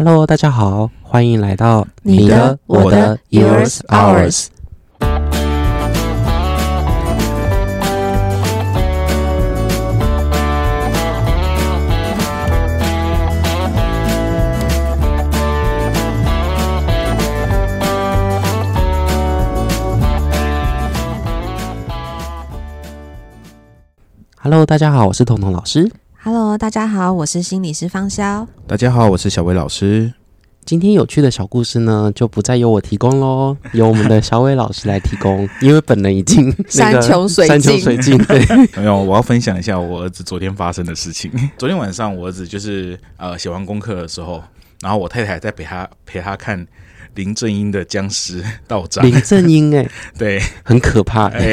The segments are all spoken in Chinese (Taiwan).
Hello，大家好，歡迎來到你的、我的、你的、我的 yours、ours。Hello，大家好，我是彤彤老師。Hello，大家好，我是心理師方瀟。大家好，我是小偉老師。今天有趣的小故事呢，就不再由我提供嘍， 由我們的小偉老師來提供， 因為本人已經、那個、山窮水盡。山窮水盡，對， 沒有，我要分享一下我兒子昨天發生的事情。 昨天晚上，我兒子就是呃寫完功課的時候，然後我太太在陪他陪他看。林正英的殭屍道長，林正英哎、欸， 對，很可怕、欸。哎、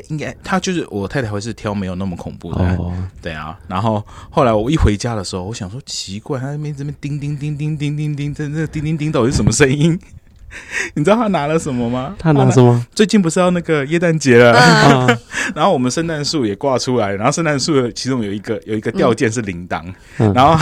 欸，應該他就是我太太，會是挑沒有那麼恐怖的。哦哦對啊，然後後來我一回家的時候，我想說奇怪，他那邊這邊叮叮叮叮叮叮叮，這這叮叮叮到底是什麼聲音？ 你知道他拿了什麼嗎？他拿了什麼、啊？最近不是要那個耶誕節了、嗯、 了，然後我們聖誕樹也掛出來，然後聖誕樹其中有一個有一個吊件是鈴鐺，然後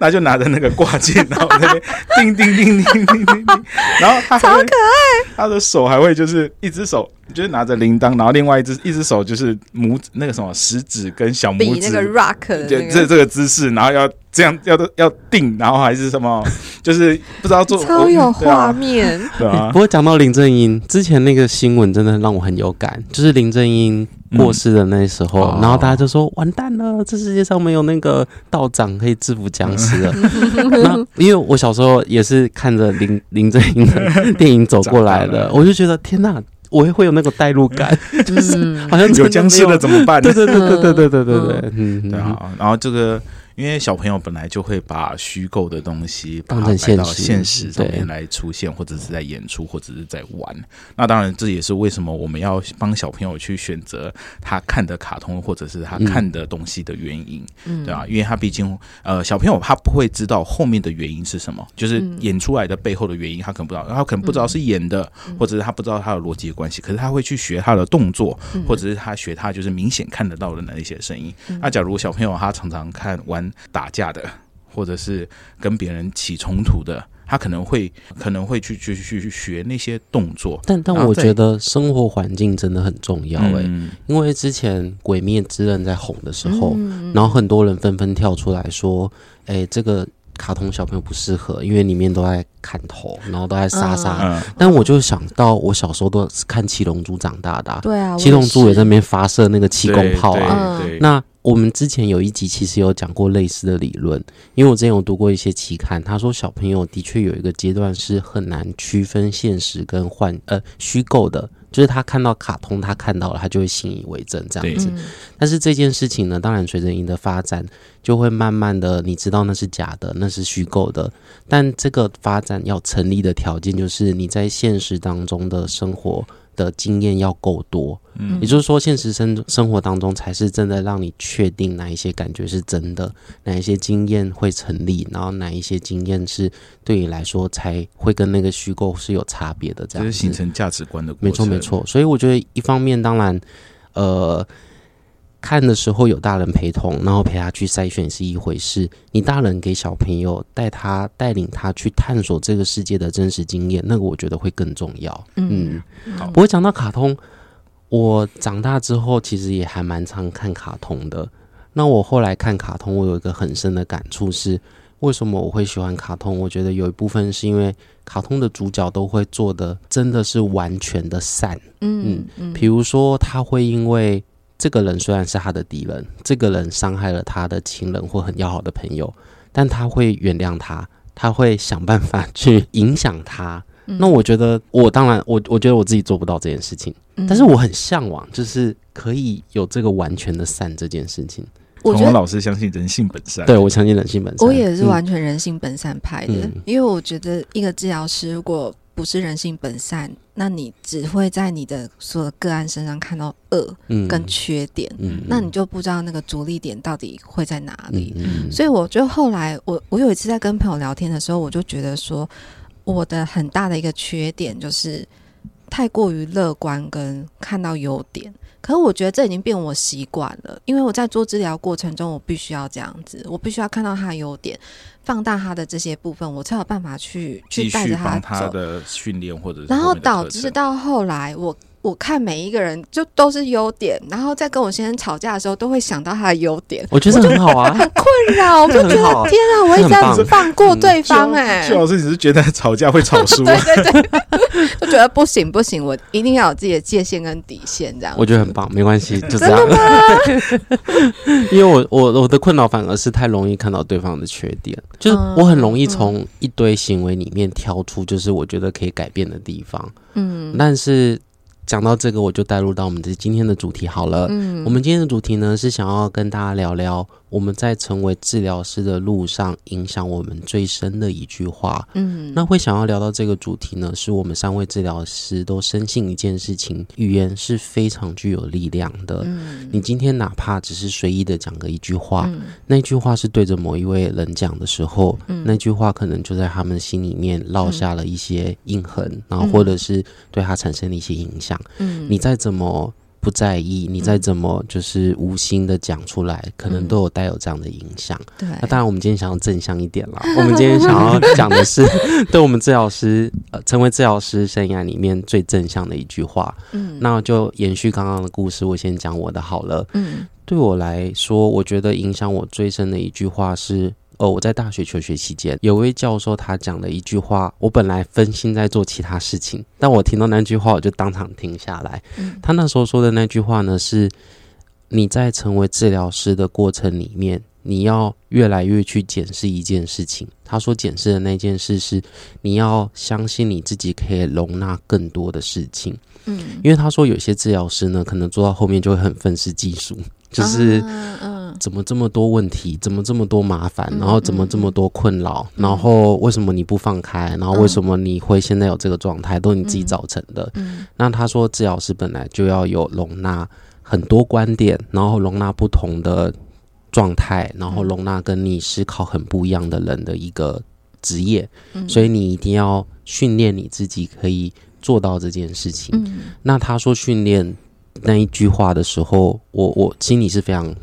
他就拿着那個掛件，然後在那邊叮叮叮叮叮叮， 然後他還會超可愛，他的手還會，就是一隻手。就是拿着鈴鐺，然後另外一隻一隻手就是拇指那個什麼食指跟小拇指比那個 rock，的、那個、就這這個姿勢，然後要這樣要要定，然後還是什麼，就是不知道做。超有畫面、嗯，對啊。對欸、不過講到林正英之前那個新聞，真的讓我很有感，就是林正英過世的那時候，嗯哦、然後大家就說完蛋了，這世界上沒有那個道長可以制服僵屍了、嗯。 那因為我小時候也是看着林林正英的電影走過來的，我就覺得天哪、啊！我也會有那種代入感，嗯、 就是好像有僵屍了怎麼辦？對對對對對對對、嗯嗯、對對，嗯，對啊，然後這個。因為小朋友本來就會把虛構的東西放在現實上面來出現，或者是在演出，或者是在玩。那當然，這也是為什麼我們要幫小朋友去選擇他看的卡通，或者是他看的東西的原因，對啊，因為他畢竟，呃，小朋友他不會知道後面的原因是什麼，就是演出來的背後的原因，他可能不知道，他可能不知道是演的，或者是他不知道他的邏輯關係。可是他會去學他的動作，或者是他學他就是明顯看得到的那一些聲音。那假如小朋友他常常看玩。打架的，或者是跟別人起衝突的，他可能會可能會去去去去學那些動作。但但我覺得生活環境真的很重要哎、欸，嗯、因為之前《鬼滅之刃》在紅的時候，嗯、然後很多人紛紛跳出來說、嗯欸：“這個卡通小朋友不適合，因為裡面都在砍頭，然後都在殺殺。”嗯、但我就想到，我小時候都是看《七龍珠》長大的、啊，對啊，《七龍珠》也在那邊發射那個氣功炮啊，那。我們之前有一集其實有講過類似的理論，因為我之前有讀過一些期刊，他說小朋友的確有一個階段是很難區分現實跟幻呃虛構的，就是他看到卡通，他看到了，他就會信以為真這樣子。對但是這件事情呢，當然隨着你的發展，就會慢慢的，你知道那是假的，那是虛構的。但這個發展要成立的條件，就是你在現實當中的生活，的經驗要夠多，也就是說，現實生生活當中才是真的讓你確定哪一些感覺是真的，哪一些經驗會成立，然後哪一些經驗是對你來說才會跟那個虛構是有差別的，這樣子形成價值觀的沒錯，沒錯。所以我覺得，一方面，當然，呃。看的時候有大人陪同，然後陪他去篩選是一回事。你大人給小朋友帶他帶領他去探索這個世界的真實經驗，那個我覺得會更重要。嗯，嗯，不過講到卡通，我長大之後其實也還蠻常看卡通的。那我後來看卡通，我有一個很深的感觸是：為什麼我會喜歡卡通？我覺得有一部分是因為卡通的主角都會做的真的是完全的善。嗯嗯，嗯，比如說他會因為。這個人雖然是他的敵人，這個人傷害了他的親人或很要好的朋友，但他會原諒他，他會想辦法去影響他。那我覺得，我當然我，我我覺得我自己做不到這件事情，但是我很向往，就是可以有這個完全的善這件事情。我老師相信人性本善，我對我相信人性本善。我也是完全人性本善派的，嗯嗯、因為我覺得一個治療師如果不是人性本善，那你只會在你的所有的個案身上看到惡跟缺點，嗯嗯嗯、那你就不知道那個着力點到底會在哪裡。嗯嗯、所以我就後來，我我有一次在跟朋友聊天的時候，我就覺得說，我的很大的一個缺點就是太過於樂觀，跟看到優點。可是我覺得這已經變我習慣了，因為我在做治療過程中，我必須要這樣子，我必須要看到他的優點，放大他的這些部分，我才有辦法去去帶着他走。他的訓練或者是然後導致到後來我。我看每一個人就都是優點，然後在跟我先生吵架的時候，都會想到他的優點。我覺得很好啊，很困擾， 我就覺得 天啊，我一直這樣子放過對方哎、欸。謝老師，你是覺得吵架會吵輸、啊， 對對對，就覺得不行不行，我一定要有自己的界限跟底線這樣。我覺得很棒，沒關係，就這樣。真的嗎？ 因為我我我的困擾反而是太容易看到對方的缺點，就是我很容易從一堆行為裡面挑出，就是我覺得可以改變的地方。嗯，嗯，但是。講到這個，我就帶入到我們這今天的主題好了。嗯，我們今天的主題呢是想要跟大家聊聊我們在成為治療師的路上，影響我們最深的一句話。嗯，那會想要聊到這個主題呢，是我們三位治療師都深信一件事情：語言是非常具有力量的。你今天哪怕只是隨意的講個一句話，那句話是對着某一位人講的時候，那句話可能就在他們心裡面烙下了一些印痕，然後或者是對他產生了一些影響。嗯、你再怎麼不在意，你再怎麼就是無心的講出來，嗯、可能都有帶有這樣的影響。嗯、對，那當然我們今天想要正向一點了。 我們今天想要講的是，對我們治療師 呃，成為治療師生涯裡面最正向的一句話。嗯，那就延續剛剛的故事，我先講我的好了。嗯，對我來說，我覺得影響我最深的一句話是。哦、呃，我在大學求學期間，有位教授他講了一句話，我本來分心在做其他事情，但我聽到那句話，我就當場停下來。嗯、他那時候說的那句話呢，是：你在成為治療師的過程裡面，你要越來越去檢視一件事情。他說檢視的那件事是，你要相信你自己可以容納更多的事情。嗯，因為他說有些治療師呢，可能做到後面就會很憤世嫉俗，就是。啊啊怎麼這麼多問題？怎麼這麼多麻煩？嗯、然後怎麼這麼多困擾？嗯、然後為什麼你不放開？嗯、然後為什麼你會現在有這個狀態？嗯、都你自己造成的。嗯嗯、那他說，治療師本來就要有容納很多觀點，然後容納不同的狀態，然後容納跟你思考很不一樣的人的一個職業。嗯、所以你一定要訓練你自己可以做到這件事情。嗯、那他說訓練那一句話的時候，我我心裡是非常。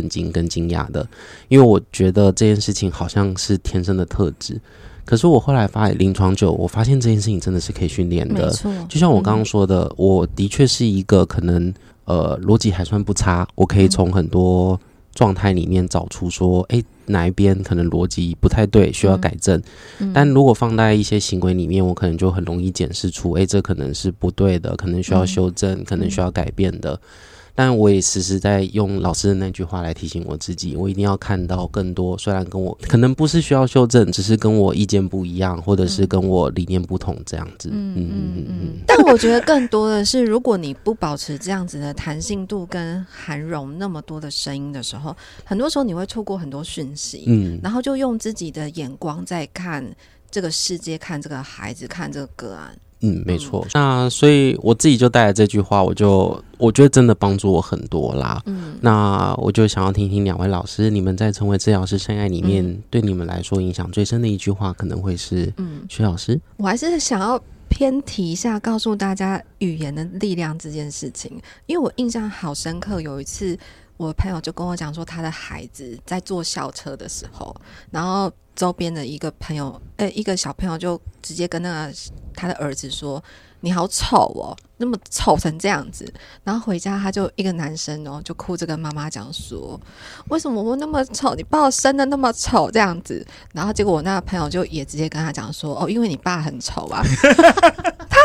震驚跟驚訝的，因為我覺得這件事情好像是天生的特質。可是我後來發現，臨床就我發現這件事情真的是可以訓練的。沒錯，就像我剛剛說的，嗯、我的確是一個可能，呃，邏輯還算不差。我可以從很多狀態裡面找出說，誒、嗯欸、哪一邊可能邏輯不太對，需要改正。嗯嗯、但如果放在一些行為裡面，我可能就很容易檢視出，誒、欸、這可能是不對的，可能需要修正，嗯、可能需要改變的。嗯嗯但我也時時在用老師的那句話來提醒我自己，我一定要看到更多。雖然跟我可能不是需要修正，只是跟我意見不一樣，或者是跟我理念不同這樣子。嗯，嗯嗯嗯 但我覺得更多的是，如果你不保持這樣子的彈性度跟涵容那麼多的聲音的時候，很多時候你會錯過很多訊息。嗯。然後就用自己的眼光在看這個世界，看這個孩子，看這個個案。嗯，沒錯。嗯、那所以我自己就帶來這句話，我就我覺得真的幫助我很多啦。嗯，那我就想要聽聽兩位老師，你們在成為治療師生涯裡面，嗯、對你們來說影響最深的一句話，可能會是……嗯，薛老師、嗯，我還是想要偏題一下，告訴大家語言的力量這件事情，因為我印象好深刻。有一次，我朋友就跟我講說，他的孩子在坐校車的時候，然後周邊的一個朋友，哎、欸，一個小朋友就直接跟那個。他的兒子說：“你好醜哦，那麼醜成這樣子。”然後回家，他就一個男生哦、喔，就哭着跟媽媽講說：“為什麼我那麼醜？你爸生的那麼醜這樣子？”然後結果我那個朋友就也直接跟他講說：“哦，因為你爸很醜啊。 ”他，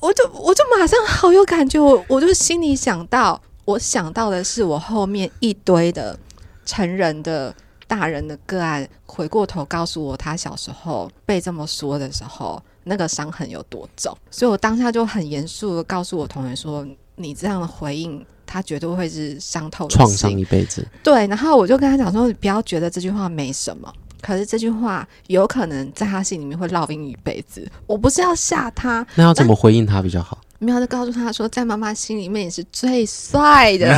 我就我就馬上好有感覺，我我就心裡想到，我想到的是我後面一堆的成人的大人的個案，回過頭告訴我他小時候被這麼說的時候。那個傷痕有多重，所以我當下就很嚴肅的告訴我同學說：“你這樣的回應，他絕對會是傷透、創傷一輩子。”對，然後我就跟他講說：“你不要覺得這句話沒什麼，可是這句話有可能在他心裡面會烙印一輩子。”我不是要嚇他，那要怎麼回應他比較好？苗的告訴他說：“在媽媽心裡面也是最帥的。”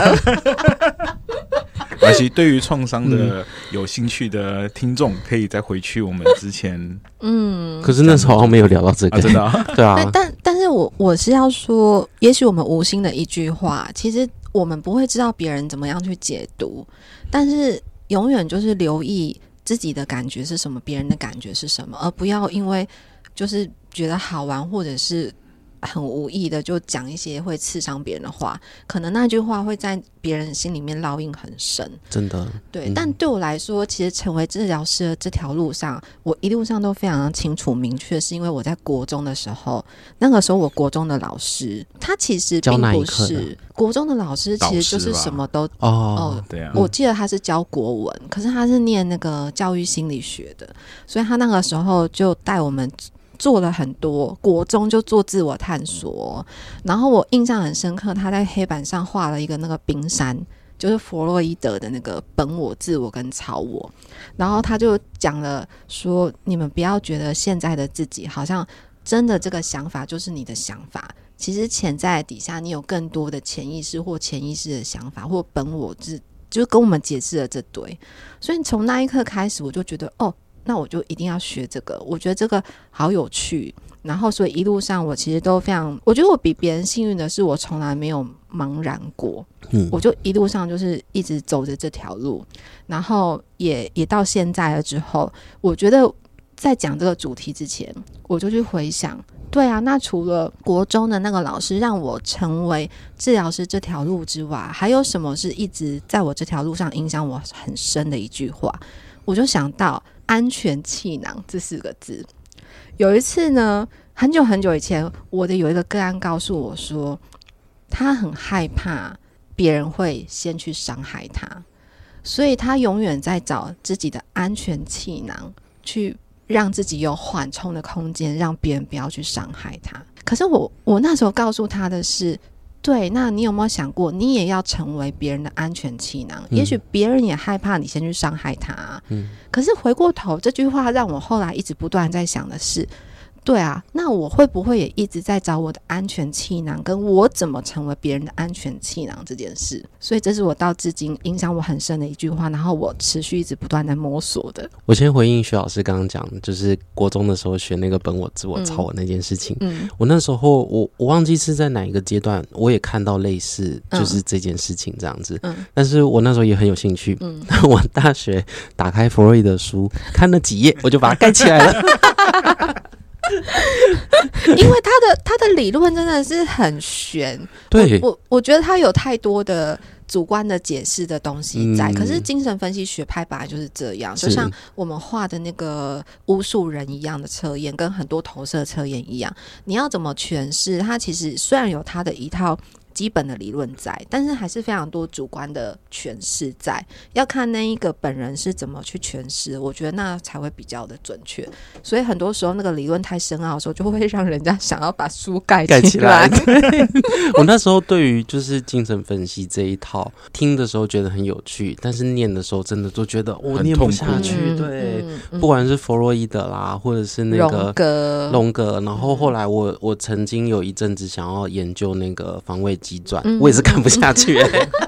而且對於創傷的有興趣的聽眾，可以再回去我們之前。 嗯。可是那時候好像沒有聊到這個，啊、真的、啊。對啊。對但但是我，我我是要說，也許我們無心的一句話，其實我們不會知道別人怎麼樣去解讀，但是永遠就是留意自己的感覺是什麼，別人的感覺是什麼，而不要因為就是覺得好玩或者是。很無意的就講一些會刺傷別人的話，可能那句話會在別人心裡面烙印很深。真的，對。嗯、但對我來說，其實成為治療師的這條路上，我一路上都非常清楚明確，是因為我在國中的時候，那個時候我國中的老師他其實並不是國中的老師，其實就是什麼都哦，oh, 嗯、對啊。我記得他是教國文，可是他是念那個教育心理學的，所以他那個時候就帶我們。做了很多，國中就做自我探索。然後我印象很深刻，他在黑板上畫了一個那個冰山，就是佛洛伊德的那個本我、自我跟超我。然後他就講了說：“你們不要覺得現在的自己好像真的這個想法就是你的想法，其實潛在底下你有更多的潛意識或潛意識的想法或本我自就跟我們解釋了這堆。所以從那一刻開始，我就覺得哦。”那我就一定要學這個，我覺得這個好有趣。然後，所以一路上我其實都非常，我覺得我比別人幸運的是，我從來沒有茫然過。嗯，我就一路上就是一直走着這條路，然後也也到現在了之後，我覺得在講這個主題之前，我就去回想，對啊，那除了國中的那個老師讓我成為治療師這條路之外，還有什麼是一直在我這條路上影響我很深的一句話？我就想到。安全氣囊這四個字，有一次呢，很久很久以前，我的有一個個案告訴我說，他很害怕別人會先去傷害他，所以他永遠在找自己的安全氣囊，去讓自己有緩衝的空間，讓別人不要去傷害他。可是我，我那時候告訴他的是。對，那你有沒有想過，你也要成為別人的安全氣囊？嗯、也許別人也害怕你先去傷害他。嗯、可是回過頭，這句話讓我後來一直不斷在想的是。對啊，那我會不會也一直在找我的安全氣囊，跟我怎麼成為別人的安全氣囊這件事？所以這是我到至今影響我很深的一句話，然後我持續一直不斷在摸索的。我先回應徐老師剛剛講，就是國中的時候學那個本我、自我、超我那件事情。嗯，嗯，我那時候，我我忘記是在哪一個階段，我也看到類似就是這件事情這樣子。嗯嗯、但是我那時候也很有興趣。嗯， 我大學打開弗瑞的書看了幾頁，我就把它蓋起來了。 因為他的他的理論真的是很玄，對，我我覺得他有太多的主觀的解釋的東西在。嗯、可是精神分析學派本來就是這樣，就像我們畫的那個屋樹人一樣的測驗，跟很多投射測驗一樣，你要怎麼詮釋？他其實雖然有他的一套。基本的理論在，但是還是非常多主觀的詮釋在，要看那一個本人是怎麼去詮釋，我覺得那才會比較的準確。所以很多時候那個理論太深奧的時候，就會讓人家想要把書蓋起來。對，我那時候對於就是精神分析這一套聽的時候覺得很有趣，但是念的時候真的都覺得我念不下去。對，嗯、不管是弗洛伊德啦，或者是那個榮格，榮格。然後後來我我曾經有一陣子想要研究那個防衛。急轉，嗯、我也是看不下去、嗯。嗯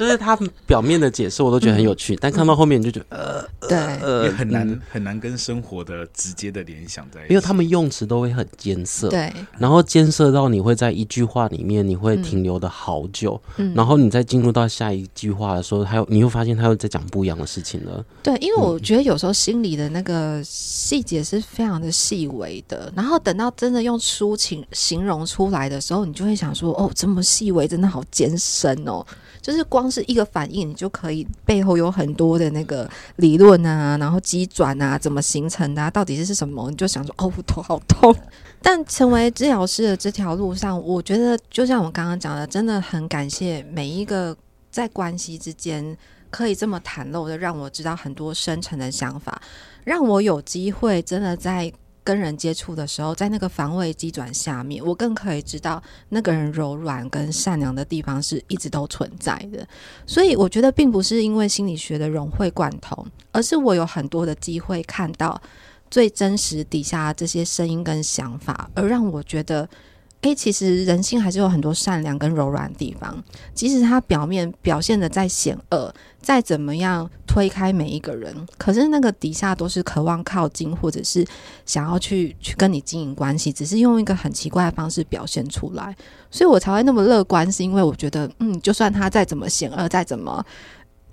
就是他表面的解釋，我都覺得很有趣，嗯、但看到後面你就覺得，嗯、呃，對，呃，很難、嗯、很難跟生活的直接的聯想在一起，因為他們用詞都會很艱澀，對，然後艱澀到你會在一句話裡面你會停留的好久，嗯、然後你再進入到下一句話的時候，他又、嗯、你會發現他又在講不一樣的事情了，對，因為我覺得有時候心裡的那個細節是非常的細微的，嗯、然後等到真的用抒情形容出來的時候，你就會想說，哦，這麼細微，真的好艱深哦，就是光。是一個反應，你就可以背後有很多的那個理論啊，然後機轉啊，怎麼形成啊，到底是什麼？你就想說，哦，我頭好痛。但成為治療師的這條路上，我覺得就像我們剛剛講的，真的很感謝每一個在關係之間可以這麼袒露的，讓我知道很多深層的想法，讓我有機會真的在。跟人接觸的時候，在那個防衛機轉下面，我更可以知道那個人柔軟跟善良的地方是一直都存在的。所以，我覺得並不是因為心理學的融會貫通，而是我有很多的機會看到最真實底下的這些聲音跟想法，而讓我覺得。誒、欸，其實人性還是有很多善良跟柔軟的地方。即使他表面表現得再險惡，再怎麼樣推開每一個人，可是那個底下都是渴望靠近，或者是想要去去跟你經營關係，只是用一個很奇怪的方式表現出來。所以我才會那麼樂觀，是因為我覺得，嗯，就算他再怎麼險惡，再怎麼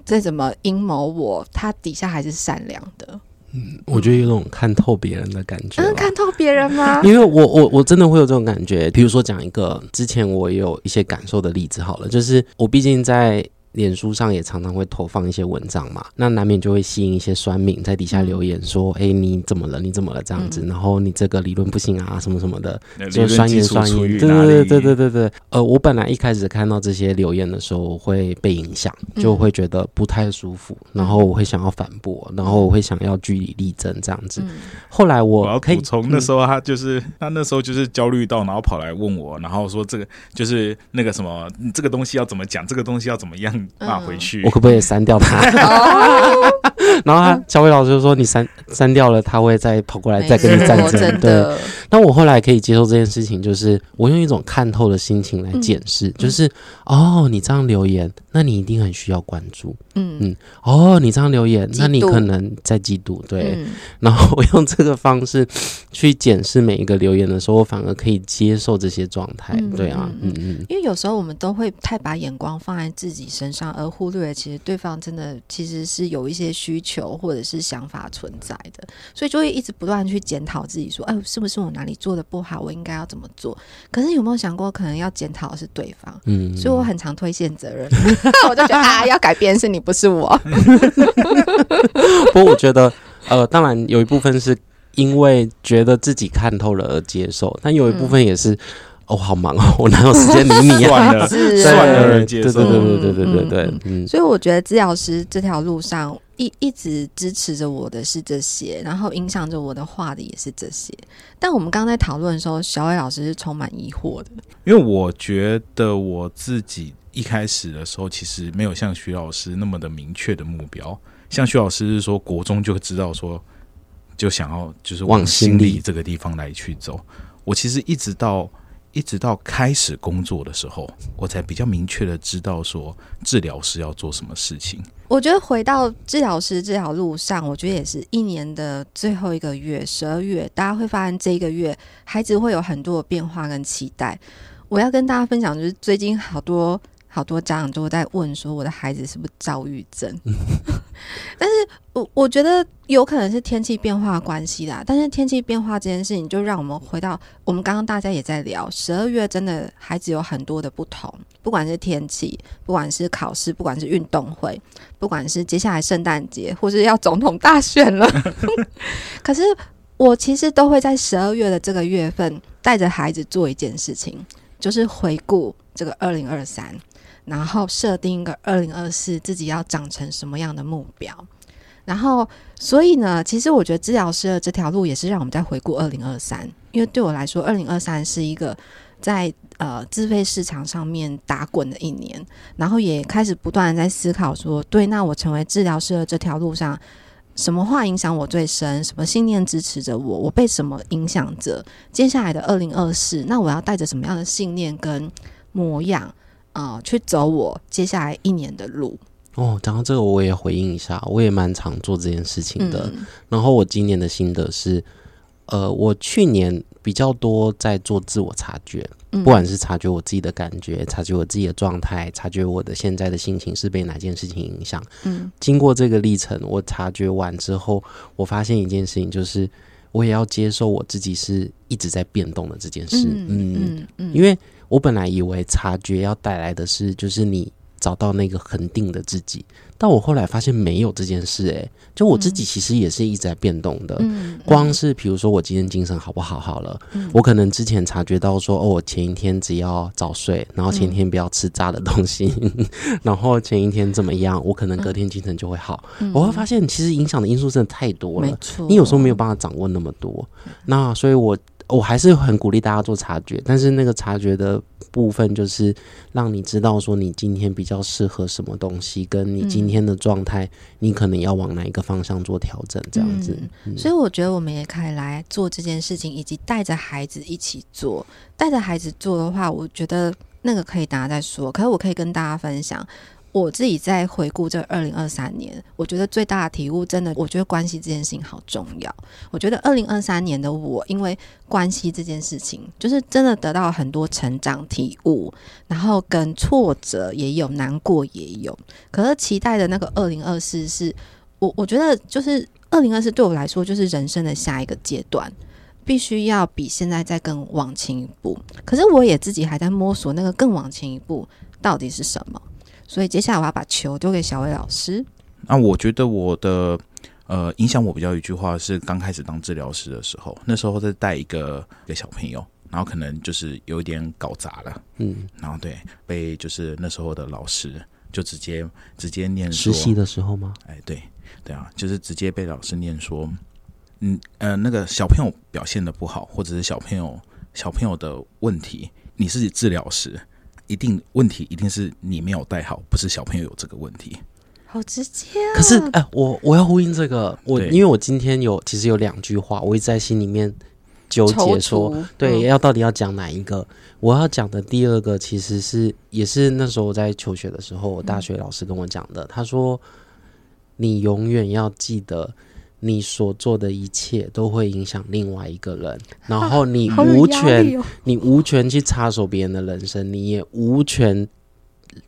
再怎麼陰謀，我他底下還是善良的。嗯，我覺得有種看透別人的感覺。嗯，看透別人嗎？因為我我我真的會有這種感覺。比如說，講一個之前我也有一些感受的例子好了，就是我畢竟在。臉書上也常常會投放一些文章嘛，那難免就會吸引一些酸民在底下留言說：“哎、嗯欸，你怎麼了？你怎麼了？這樣子，嗯、然後你這個理論不行啊，什麼什麼的，嗯、就酸言酸語鹽。裡”對對對對對對對。呃，我本來一開始看到這些留言的時候，我會被影響，就會覺得不太舒服，嗯、然後我會想要反駁，然後我會想要據理力爭這樣子。嗯、後來我可以我要補充那時候他就是、嗯、他那時候就是焦慮到，然後跑來問我，然後說這個就是那個什麼，這個東西要怎麼講，這個東西要怎麼樣。罵回去、嗯，我可不可以刪掉他？ 哦、 然後他小偉老師就說：“你刪刪掉了，他會再跑過來、哎、再跟你戰爭。嗯”的對。那我後來可以接受這件事情，就是我用一種看透的心情來檢視，嗯嗯、就是哦，你這樣留言，那你一定很需要關注，嗯嗯，哦，你這樣留言，嫉妒、那你可能在嫉妒，對，嗯、然後我用這個方式去檢視每一個留言的時候，我反而可以接受這些狀態，對啊，嗯嗯，嗯嗯，因為有時候我們都會太把眼光放在自己身上，而忽略了其實對方真的其實是有一些需求或者是想法存在的，所以就會一直不斷去檢討自己，說，哎、啊，是不是我。哪裡做的不好，我應該要怎麼做？可是有沒有想過，可能要檢討的是對方？嗯，所以我很常推卸責任， 我就覺得啊，要改變是你，不是我。 不過我覺得，呃，當然有一部分是因為覺得自己看透了而接受，但有一部分也是，嗯、哦，好忙哦，我哪有時間理你啊？算了 是，對對對,對對對對對對對對，嗯。所以我覺得治療師這條路上。一一直支持着我的是這些，然後影響着我的話的也是這些。但我們剛在討論的時候，小偉老師是充滿疑惑的，因為我覺得我自己一開始的時候，其實沒有像徐老師那麼的明確的目標。像徐老師是說國中就知道說，就想要就是往心理這個地方來去走。我其實一直到。一直到開始工作的時候，我才比較明確的知道說治療師要做什麼事情。我覺得回到治療師這條路上，我覺得也是一年的最後一個月，十二月，大家會發現這一個月孩子會有很多的變化跟期待。我要跟大家分享，就是最近好多。好多家長都在問說：“我的孩子是不是躁鬱症？” 但是，我我覺得有可能是天氣變化的關係啦。但是天氣變化這件事情，就讓我們回到我們剛剛大家也在聊，十二月真的孩子有很多的不同，不管是天氣，不管是考試，不管是運動會，不管是接下來聖誕節，或是要總統大選了。 可是，我其實都會在十二月的這個月份帶着孩子做一件事情，就是回顧這個二零二三。然後設定一個二零二四自己要長成什麼樣的目標，然後所以呢，其實我覺得治療師的這條路也是讓我們在回顧二零二三，因為對我來說，二零二三是一個在呃自費市場上面打滾的一年，然後也開始不斷的在思考說，對，那我成為治療師的這條路上，什麼話影響我最深？什麼信念支持着我？我被什麼影響着？接下來的二零二四，那我要帶着什麼樣的信念跟模樣？啊、哦，去走我接下來一年的路。哦，講到這個，我也回應一下，我也蠻常做這件事情的。嗯、然後我今年的心得是，呃，我去年比較多在做自我察覺，嗯啊、不管是察覺我自己的感覺，察覺我自己的狀態，察覺我的現在的心情是被哪件事情影響。嗯，經過這個歷程，我察覺完之後，我發現一件事情，就是我也要接受我自己是一直在變動的這件事。嗯嗯嗯，嗯嗯嗯，因為。我本來以為察覺要帶來的是，就是你找到那個恆定的自己，但我後來發現沒有這件事。哎，就我自己其實也是一直在變動的。光是比如說我今天精神好不好？好了，我可能之前察覺到說，哦，我前一天只要早睡，然後前一天不要吃炸的東西，然後前一天怎麼樣，我可能隔天精神就會好。我會發現其實影響的因素真的太多了，你有時候沒有辦法掌握那麼多。那所以，我。我還是很鼓勵大家做察覺，但是那個察覺的部分，就是讓你知道說你今天比較適合什麼東西，跟你今天的狀態，嗯、你可能要往哪一個方向做調整，這樣子。嗯嗯、所以我覺得我們也可以來做這件事情，以及帶着孩子一起做。帶着孩子做的話，我覺得那個可以大家再說，可是我可以跟大家分享。我自己在回顧這二零二三年，我覺得最大的體悟，真的，我覺得關係這件事情好重要。我覺得二零二三年的我，因為關係這件事情，就是真的得到很多成長體悟，然後跟挫折也有，難過也有。可是期待的那個二零二四，是我，我覺得就是二零二四對我來說，就是人生的下一個階段，必須要比現在再更往前一步。可是我也自己還在摸索，那個更往前一步到底是什麼？所以接下來我要把球丟給小偉老師。那、啊、我覺得我的呃影響我比較一句話是，剛開始當治療師的時候，那時候在帶一個個小朋友，然後可能就是有點搞砸了，嗯，然後對，被就是那時候的老師就直接直接念說實習的時候嗎？哎、欸，對對啊，就是直接被老師念說，嗯呃那個小朋友表現得不好，或者是小朋友小朋友的問題，你是治療師。一定問題一定是你沒有帶好，不是小朋友有這個問題。好直接、啊。可是哎、欸，我我要呼應這個，我對因為我今天有其實有兩句話，我一直在心裡面糾結說，說雛對要到底要講哪一個？嗯、我要講的第二個其實是也是那時候我在求學的時候，我大學老師跟我講的，嗯、他說你永遠要記得。你所做的一切都會影響另外一個人，然後你無權，啊，好有壓力哦。你無權去插手別人的人生，你也無權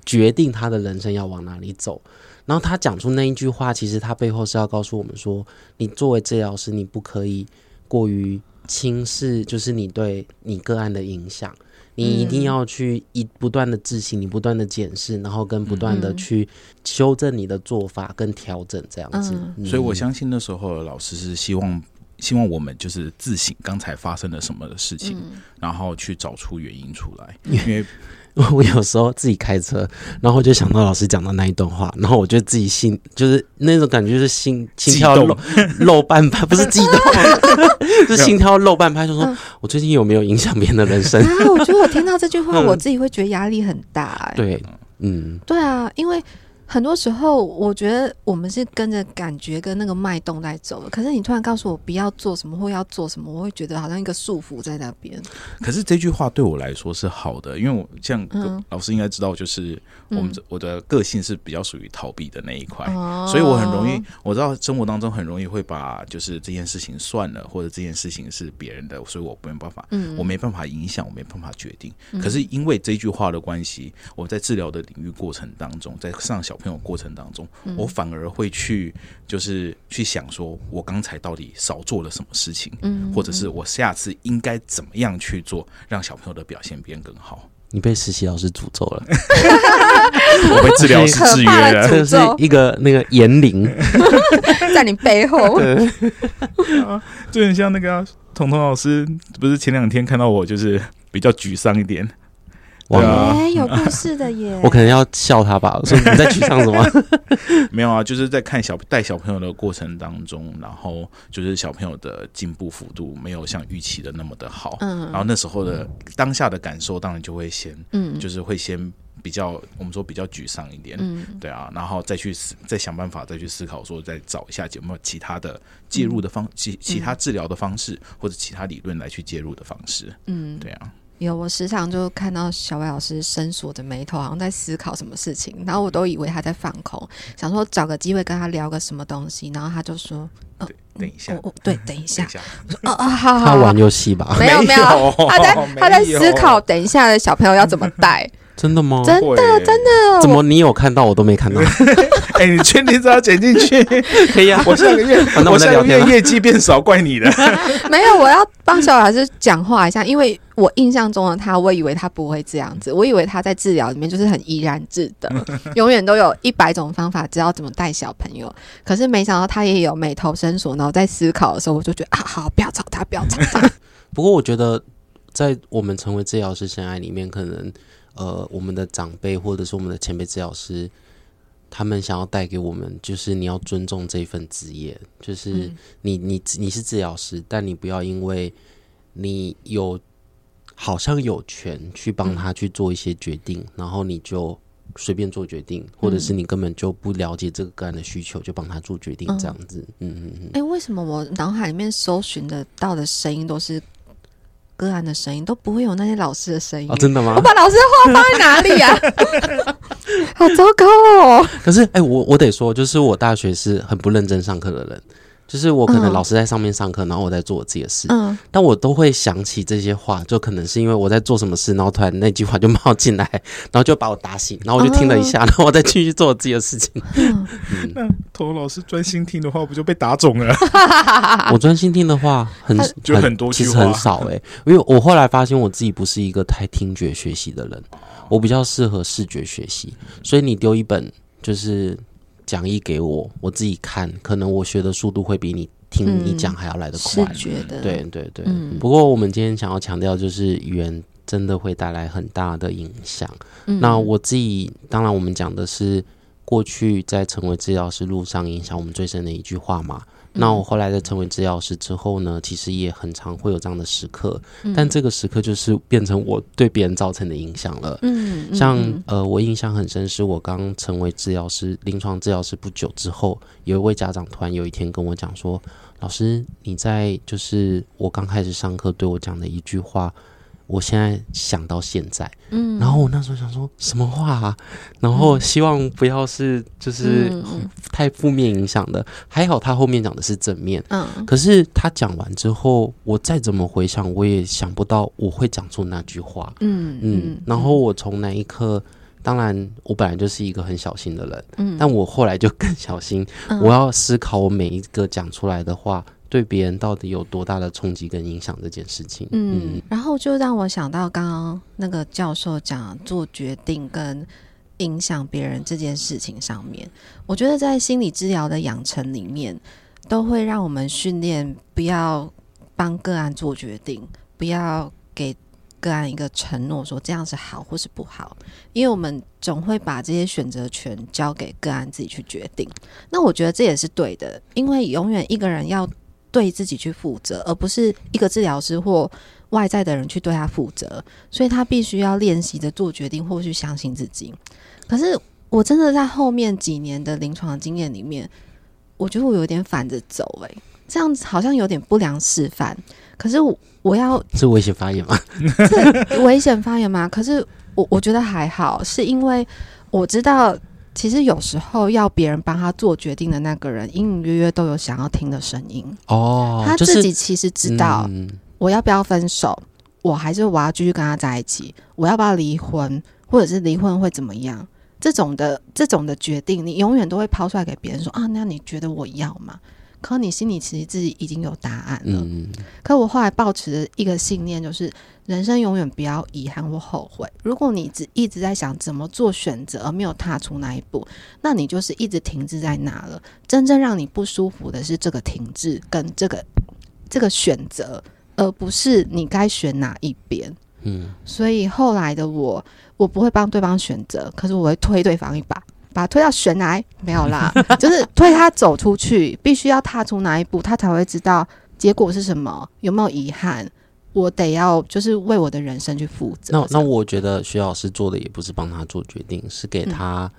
決定他的人生要往哪裡走。然後他講出那一句話，其實他背後是要告訴我們說，你作為治療師，你不可以過於輕視，就是你對你個案的影響。你一定要去一不斷的自省，你不斷的檢視，然後跟不斷的去修正你的做法跟調整、嗯、這樣子。所以我相信那時候，老師是希望希望我們就是自省剛才發生了什麼事情，嗯、然後去找出原因出來， 因為。我有時候自己開車，然後就想到老師講的那一段話，然後我就自己心就是那種感覺，是心心跳漏漏半拍，不是激動，是 心跳漏半拍，就說、嗯、我最近有沒有影響別人的人生？啊，我覺得我聽到這句話，嗯、我自己會覺得壓力很大、欸。對，嗯，對啊，因為。很多時候，我覺得我們是跟着感覺跟那個脈動在走的。可是你突然告訴我不要做什麼或要做什麼，我會覺得好像一個束縛在那邊。可是這句話對我來說是好的，因為我這樣老師應該知道，就是我們我的個性是比較屬於逃避的那一塊，嗯、所以我很容易，我知道生活當中很容易會把就是這件事情算了，或者這件事情是別人的，所以我不用辦法，嗯、我沒辦法影響，我沒辦法決定。可是因為這句話的關係，我在治療的領域過程當中，在上小。朋友過程當中，我反而會去就是去想說，我剛才到底少做了什麼事情，嗯，或者是我下次應該怎麼樣去做，讓小朋友的表現變更好。你被實習老師詛咒了， 我被治療師制約了，就是一個那個言靈在你背後，對 就很像那個啊，彤彤老師，不是前兩天看到我就是比較沮喪一點。哇，有故事的耶！我可能要笑他吧，所以你在沮喪什麼？沒有啊，就是在看小帶小朋友的過程當中，然後就是小朋友的進步幅度沒有像預期的那麼的好，嗯，然後那時候的當下的感受，當然就會先，嗯，就是會先比較，我們說比較沮喪一點，嗯，對啊，然後再去再想辦法，再去思考，說再找一下有沒有其他的介入的方，其其他治療的方式，或者其他理論來去介入的方式，嗯，對啊。有，我時常就看到小白老師深鎖着眉頭，好像在思考什麼事情。然後我都以為他在放空，想說找個機會跟他聊個什麼東西。然後他就說：“呃，等一下，我我對，等一下。”我說：“哦、呃、哦，好好。”他玩遊戲吧？沒有沒有，他在他在思考，等一下的小朋友要怎麼帶。有 真的嗎？真的真的，真的我怎麼你有看到我都沒看到？哎、 欸，你確定是要剪進去？可以啊，我上個月，嗯、我上個月業績變少，怪你的。 沒有，我要幫小，小老師講話一下，因為我印象中的他，我以為他不會這樣子，我以為他在治療裡面就是很怡然自得，永遠都有一百種方法知道怎麼帶小朋友。可是沒想到他也有眉頭深鎖，然後在思考的時候，我就覺得啊，好，不要吵他，不要吵他。 不過我覺得，在我們成為治療師生涯裡面，可能。呃，我們的長輩或者是我們的前輩治療師，他們想要帶給我們，就是你要尊重這份職業，就是你你你是治療師，但你不要因為你有好像有權去幫他去做一些決定，嗯、然後你就隨便做決定，或者是你根本就不了解這個個案的需求，就幫他做決定這樣子。嗯嗯嗯。哎、嗯、欸，為什麼我腦海裡面搜尋的到的聲音都是？個案的聲音都不會有那些老師的聲音啊、哦！真的嗎？我把老師的話放在哪裡啊？ 好糟糕哦！可是，哎、欸，我我得說，就是我大學是很不認真上課的人。就是我可能老師在上面上課，然後我在做我自己的事，嗯、但我都會想起這些話，就可能是因為我在做什麼事，然後突然那句話就冒進來，然後就把我打醒，然後我就聽了一下，嗯、然後我再繼續做我自己的事情。嗯、那頭老師專心聽的話，我不就被打腫了？ 我專心聽的話，很，很就很多，其實很少誒、欸，因為我後來發現我自己不是一個太聽覺學習的人，我比較適合視覺學習，所以你丟一本就是講義給我，我自己看，可能我學的速度會比你、嗯、聽你講還要來得快。得對對對，嗯、不過我們今天想要強調就是語言真的會帶來很大的影響。嗯、那我自己，當然我們講的是過去在成為治療師路上影響我們最深的一句話嘛。那我後來在成為治療師之後呢，其實也很常會有這樣的時刻，嗯、但這個時刻就是變成我對別人造成的影響了嗯。嗯，嗯像呃，我印象很深是我剛成為治療師、臨床治療師不久之後，有一位家長突然有一天跟我講說：“老師，你在就是我剛開始上課對我講的一句話。”我現在想到現在，嗯，然後我那時候想說什麼話，啊。然後希望不要是就是太負面影響的。還好他後面講的是正面，嗯。可是他講完之後，我再怎麼回想，我也想不到我會講出那句話，嗯嗯。然後我從那一刻，當然我本來就是一個很小心的人，嗯，但我後來就更小心，嗯，我要思考我每一個講出來的話。對別人到底有多大的衝擊跟影響這件事情，嗯，然後就讓我想到剛剛那個教授講做決定跟影響別人這件事情上面，我覺得在心理治療的養成裡面，都會讓我們訓練不要幫個案做決定，不要給個案一個承諾說這樣是好或是不好，因為我們總會把這些選擇權交給個案自己去決定。那我覺得這也是對的，因為永遠一個人要。對自己去負責，而不是一個治療師或外在的人去對他負責，所以他必須要練習着做決定，或去相信自己。可是我真的在後面幾年的臨床經驗裡面，我覺得我有點反着走哎、欸，這樣子好像有點不良示範。可是我我要是危險發言嗎？ 是危險發言嗎？可是我我覺得還好，是因為我知道。其實有時候要別人幫他做決定的那個人，隱隱約約都有想要聽的聲音哦。就是、他自己其實知道，我要不要分手？嗯、我還是我要繼續跟他在一起？我要不要離婚？或者是離婚會怎麼樣？這種的這種的決定，你永遠都會拋出來給別人說啊。那你覺得我要嗎？可你心裡其實自己已經有答案了。嗯嗯。可我後來抱持的一個信念就是，人生永遠不要遺憾或後悔。如果你只一直在想怎麼做選擇，而沒有踏出那一步，那你就是一直停滯在那了。真正讓你不舒服的是這個停滯跟這個這個選擇，而不是你該選哪一邊。嗯。所以後來的我，我不會幫對方選擇，可是我會推對方一把。把他推到懸崖。沒有啦， 就是推他走出去，必須要踏出哪一步，他才會知道結果是什麼，有沒有遺憾？我得要就是為我的人生去負責。那樣那我覺得徐老師做的也不是幫他做決定，是給他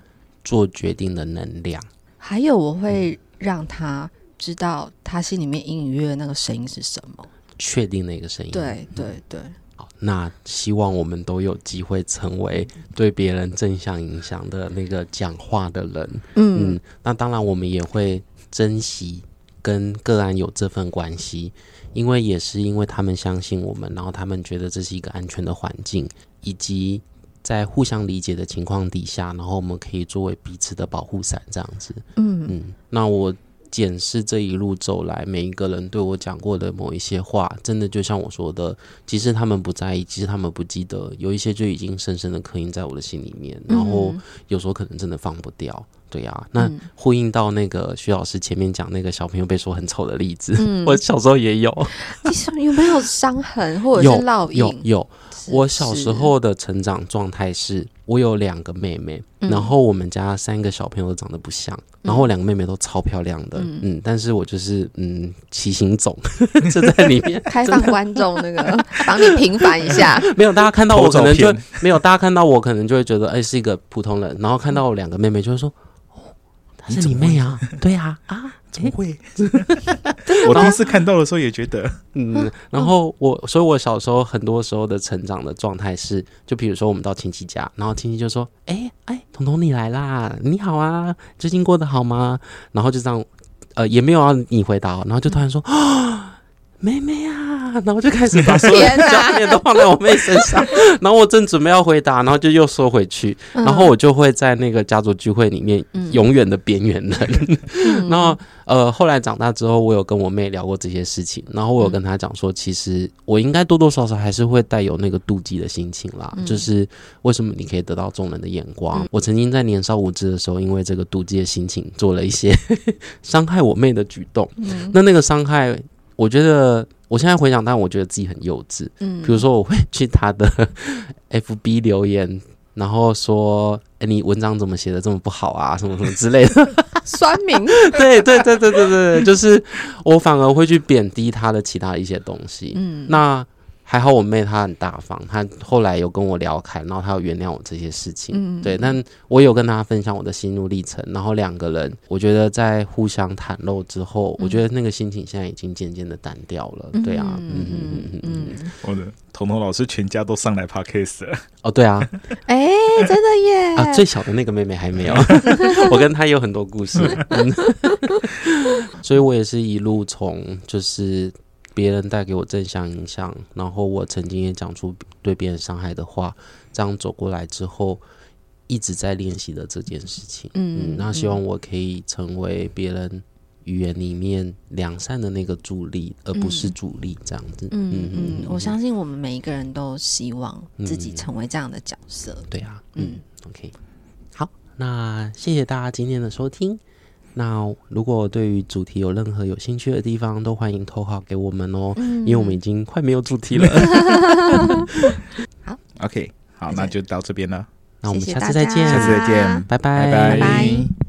做決定的能量。嗯、還有我會讓他知道他心裡面隱隱約約的那個聲音是什麼，確定那個聲音。對對對。對對那希望我們都有機會成為對別人正向影響的那個講話的人，嗯，嗯，那當然我們也會珍惜跟個案有這份關係，因為也是因為他們相信我們，然後他們覺得這是一個安全的環境，以及在互相理解的情況底下，然後我們可以作為彼此的保護傘這樣子，嗯嗯，那我。檢視這一路走來，每一個人對我講過的某一些話，真的就像我說的，即使他們不在意，即使他們不記得，有一些就已經深深的刻印在我的心裡面，嗯、然後有時候可能真的放不掉。對呀、啊，那呼應到那個徐老師前面講那個小朋友被說很醜的例子，嗯、我小時候也有，你有沒有傷痕或者是烙印？有。有有我小時候的成長狀態是，我有兩個妹妹，是然後我們家三個小朋友都長得不像，嗯、然後兩個妹妹都超漂亮的，嗯,嗯，但是我就是嗯奇行種， 就在裡面 的開放觀眾那個幫 你平凡一下，沒有大家看到我可能就沒有大家看到我可能就會覺得哎、欸、是一個普通人，然後看到我兩個妹妹就會說。是你妹啊！對啊，啊，怎麼會？我當時看到的時候也覺得，嗯 會。啊欸、 然後我， 所以我小時候很多時候的成長的狀態是，就比如說我們到親戚家，然後親戚就說：“哎、欸、哎，彤、欸、彤你來啦，你好啊，最近過得好嗎？”然後就這樣，呃，也沒有要你回答，然後就突然說：“嗯、啊，妹妹啊！”然後我就開始把所有焦點都放在我妹身上。然後我正準備要回答，然後就又收回去。然後我就會在那個家族聚會裡面，永遠的邊緣人。那呃，後來長大之後，我有跟我妹聊過這些事情。然後我有跟她講說，其實我應該多多少少還是會帶有那個妒忌的心情啦。就是為什麼你可以得到眾人的眼光？我曾經在年少無知的時候，因為這個妒忌的心情，做了一些傷害我妹的舉動。那那個傷害，我覺得。我現在回想，但我覺得自己很幼稚。嗯，比如說，我會去他的 FB 留言，然後說：“哎、欸，你文章怎麼寫的這麼不好啊？什麼什麼之類的。酸名”酸民。對對對對對對對， 就是我反而會去貶低他的其他一些東西。嗯，那。還好我妹她很大方，她後來有跟我聊開，然後她又原諒我這些事情，嗯、對。但我有跟她分享我的心路歷程，然後兩個人，我覺得在互相袒露之後，嗯、我覺得那個心情現在已經漸漸的淡掉了。對啊，嗯嗯嗯嗯。我的彤彤老師全家都上來拍 case 了哦，對啊，哎、欸，真的耶！啊，最小的那個妹妹還沒有， 我跟她有很多故事， 所以我也是一路從就是。別人帶給我正向影響，然後我曾經也講出對別人傷害的話，這樣走過來之後，一直在練習的這件事情。嗯,嗯，那希望我可以成為別人語言裡面良善的那個助力，而不是主力。這樣子。嗯嗯，我相信我們每一個人都希望自己成為這樣的角色。嗯、對啊。嗯。嗯 OK。好，那謝謝大家今天的收聽。那，如果對於主題有任何有興趣的地方，都歡迎投稿給我們哦，嗯、因為我們已經快沒有主題了。 好，OK，好，且那就到這邊了。謝謝，那我們下次再見，下次再見，拜拜，拜拜。